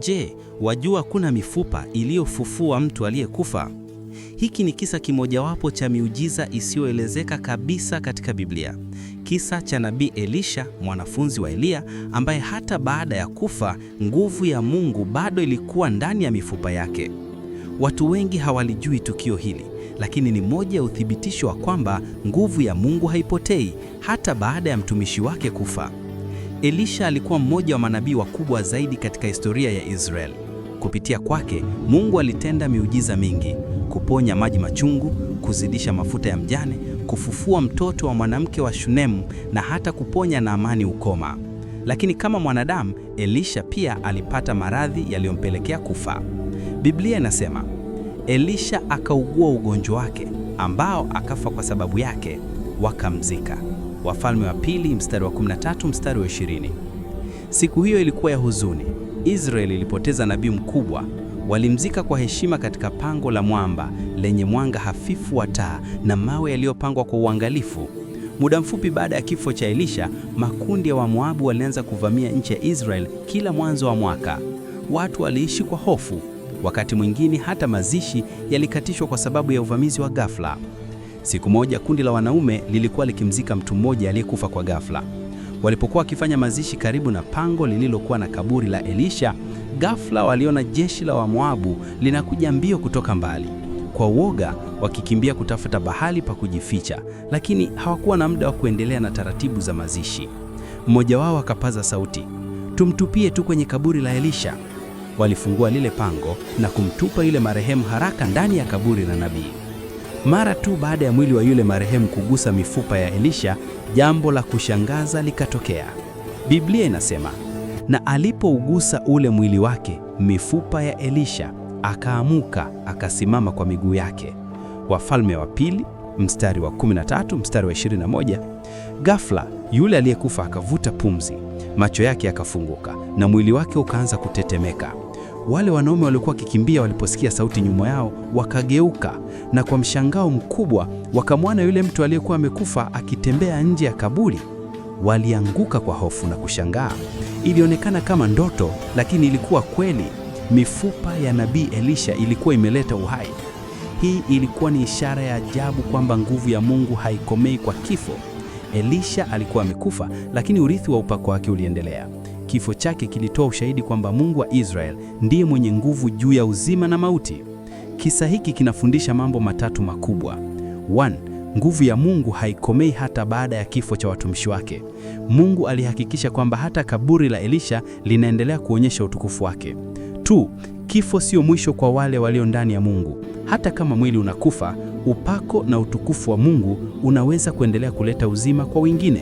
Je, wajua kuna mifupa iliyofufua mtu aliyekufa? Hiki ni kisa kimojawapo cha miujiza isiyoelezeka kabisa katika Biblia, kisa cha nabii Elisha, mwanafunzi wa Eliya, ambaye hata baada ya kufa nguvu ya Mungu bado ilikuwa ndani ya mifupa yake. Watu wengi hawalijui tukio hili, lakini ni moja ya uthibitisho wa kwamba nguvu ya Mungu haipotei hata baada ya mtumishi wake kufa. Elisha alikuwa mmoja wa manabii wakubwa zaidi katika historia ya israel Kupitia kwake, Mungu alitenda miujiza mingi: kuponya maji machungu, kuzidisha mafuta ya mjane, kufufua mtoto wa mwanamke wa Shunemu na hata kuponya Naamani ukoma. Lakini kama mwanadamu, Elisha pia alipata maradhi yaliyompelekea kufa. Biblia inasema, Elisha akaugua ugonjwa wake ambao akafa kwa sababu yake, wakamzika. Wafalme wa pili mstari wa 13 mstari wa 20. Siku hiyo ilikuwa ya huzuni. Israeli ilipoteza nabii mkubwa. Walimzika kwa heshima katika pango la mwamba lenye mwanga hafifu wa taa na mawe yaliyopangwa kwa uangalifu. Muda mfupi baada ya kifo cha Elisha, makundi ya Wamoabu walianza kuvamia nchi ya Israel kila mwanzo wa mwaka. Watu waliishi kwa hofu. Wakati mwingine hata mazishi yalikatishwa kwa sababu ya uvamizi wa ghafla. Siku moja kundi la wanaume lilikuwa likimzika mtu mmoja aliyekufa kwa ghafla. Walipokuwa wakifanya mazishi karibu na pango lililokuwa na kaburi la Elisha, ghafla waliona jeshi la Wamoabu linakuja mbio kutoka mbali. Kwa uoga wakikimbia kutafuta bahali pa kujificha, lakini hawakuwa na muda wa kuendelea na taratibu za mazishi. Mmoja wao akapaza sauti, tumtupie tu kwenye kaburi la Elisha. Walifungua lile pango na kumtupa yule marehemu haraka ndani ya kaburi la nabii. Mara tu baada ya mwili wa yule marehemu kugusa mifupa ya Elisha, jambo la kushangaza likatokea. Biblia inasema, na alipougusa ule mwili wake, mifupa ya Elisha, akaamuka akasimama kwa miguu yake. Wafalme wa pili mstari wa 13 mstari wa 21. Ghafla yule aliyekufa akavuta pumzi, macho yake yakafunguka na mwili wake ukaanza kutetemeka. Wale wanaume waliokuwa wakikimbia waliposikia sauti nyuma yao wakageuka, na kwa mshangao mkubwa wakamwona yule mtu aliyekuwa amekufa akitembea nje ya kaburi. Walianguka kwa hofu na kushangaa. Ilionekana kama ndoto, lakini ilikuwa kweli. Mifupa ya nabii Elisha ilikuwa imeleta uhai. Hii ilikuwa ni ishara ya ajabu kwamba nguvu ya Mungu haikomei kwa kifo. Elisha alikuwa amekufa, lakini urithi wa upako wake uliendelea. Kifo chake kilitoa ushahidi kwamba Mungu wa Israeli ndiye mwenye nguvu juu ya uzima na mauti. Kisa hiki kinafundisha mambo matatu makubwa. One, nguvu ya Mungu haikomei hata baada ya kifo cha watumishi wake. Mungu alihakikisha kwamba hata kaburi la Elisha linaendelea kuonyesha utukufu wake. Two, kifo sio mwisho kwa wale walio ndani ya Mungu. Hata kama mwili unakufa, upako na utukufu wa Mungu unaweza kuendelea kuleta uzima kwa wengine.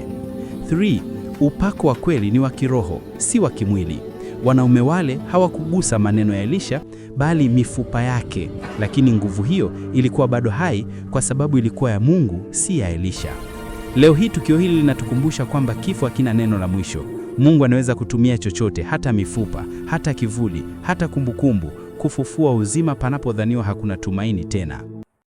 Three, Upako wa kweli ni wa kiroho, si wa kimwili. Wanaume wale hawakugusa maneno ya Elisha bali mifupa yake, lakini nguvu hiyo ilikuwa bado hai kwa sababu ilikuwa ya Mungu, si ya Elisha. Leo hii tukio hili linatukumbusha kwamba kifo hakina neno la mwisho. Mungu anaweza kutumia chochote, hata mifupa, hata kivuli, hata kumbukumbu, kufufua uzima panapodhaniwa hakuna tumaini tena.